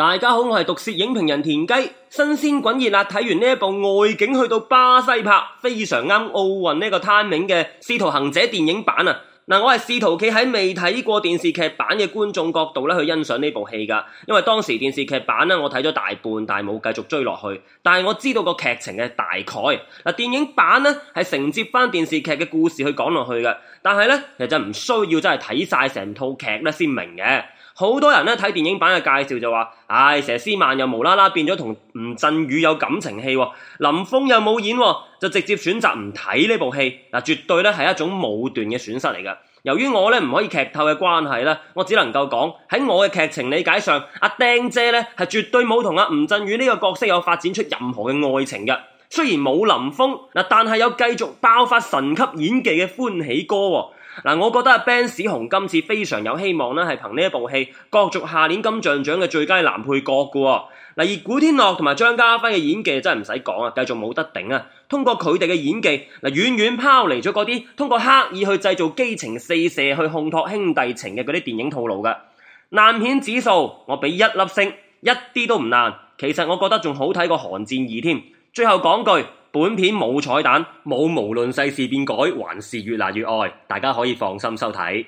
大家好，我係毒舌影評人田雞，新鮮滾熱辣，睇完呢部外景去到巴西拍，非常啱奧運呢個 timing 嘅《使徒行者》電影版啊！嗱，我係試圖企喺未睇過電視劇版嘅觀眾角度去欣賞呢部戲㗎。因為當時電視劇版咧，我睇咗大半，但係冇繼續追落去。但係我知道個劇情嘅大概。嗱，電影版咧係承接返電視劇嘅故事去講落去嘅。但係呢，其實唔需要真係睇晒成套劇咧先明嘅。好多人咧睇電影版嘅介紹就話，唉、哎，佘詩曼又無啦啦變咗同吳鎮宇有感情戲，林峯又冇演，就直接選擇唔睇呢部戲。嗱，絕對咧係一種武斷嘅損失嚟嘅。由於我咧唔可以劇透嘅關係咧，我只能夠講，喺我嘅劇情理解上，阿、啊、丁姐咧係絕對冇同阿吳鎮宇呢個角色有發展出任何嘅愛情嘅。雖然冇林峯，但係有繼續爆發神級演技嘅《歡喜哥、哦》。啊、我覺得阿、啊、Benz 雄今次非常有希望咧、啊，係憑呢部戲角逐下年金像獎嘅最佳男配角嘅、啊啊。而古天樂同埋張家輝嘅演技真係唔使講啊，繼續冇得頂啊。通過佢哋嘅演技，嗱、啊、遠遠拋離咗嗰啲通過刻意去製造基情四射去烘托兄弟情嘅嗰啲電影套路嘅。爛片指數，我俾一粒星，一啲都唔爛。其實我覺得仲好睇過《寒戰二》添。最後講句。本片冇彩蛋，冇無論世事變改，還是越難越愛，大家可以放心收睇。